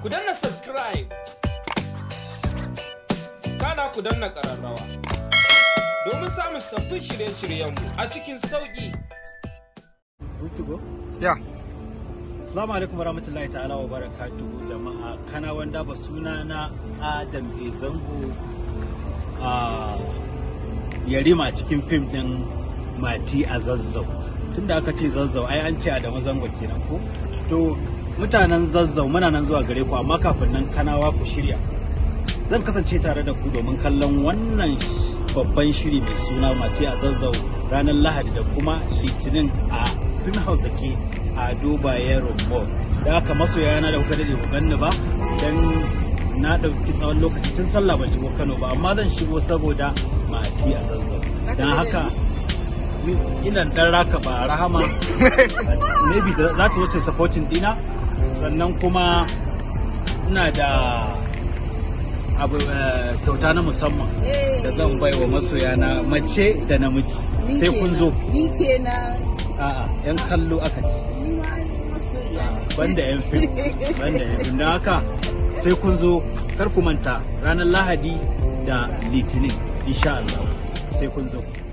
ku danna subscribe kana ku danna ƙararrawa domin samun sabbin shirye-shiryenmu a cikin sauƙi. Ya. Salamu alaikum warahmatullahi ta'ala wa barakatuhu jama'a kana wanda ba suna na Adam A. Zango a yarima cikin fim ɗin Mati a Zazzau. Tunda aka ce Zazzau ai an ce Adamu Zango kenan ko? To mutanen zazzau muna nan zuwa gare ku amma kafin nan kanawa ku shirya zan kasance tare da ku domin kallon wannan babban shiri mai suna mace a zazzau ranar lahadi da kuma litinin a finhouse ke a dubayen rumbo da aka maso yana da kuka dade ganni ba don na ɗauki tsawon lokaci tun sallah ban shigo kano ba amma zan shigo saboda mati a zazzau don haka ina dan raka ba rahama maybe za ta wuce supporting dina sannan kuma ina da abu eh, kyauta na musamman eh. da zan bai wa masoya na mace da namiji sai kun zo ni ce na a'a yan kallo aka ci banda yan fi banda yan fi haka sai kun zo kar ku manta ranar lahadi da litinin insha Allah sai kun zo